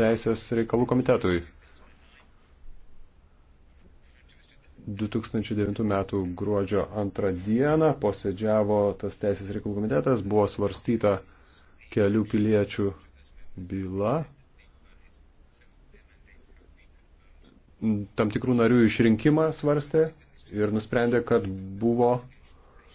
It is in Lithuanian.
teisės reikalų komitetui. 2009 m. gruodžio 2 dieną posėdžiavo tas teisės reikalų komitetas, buvo svarstyta kelių piliečių byla. Tam tikrų narių išrinkimą svarstė ir nusprendė, kad buvo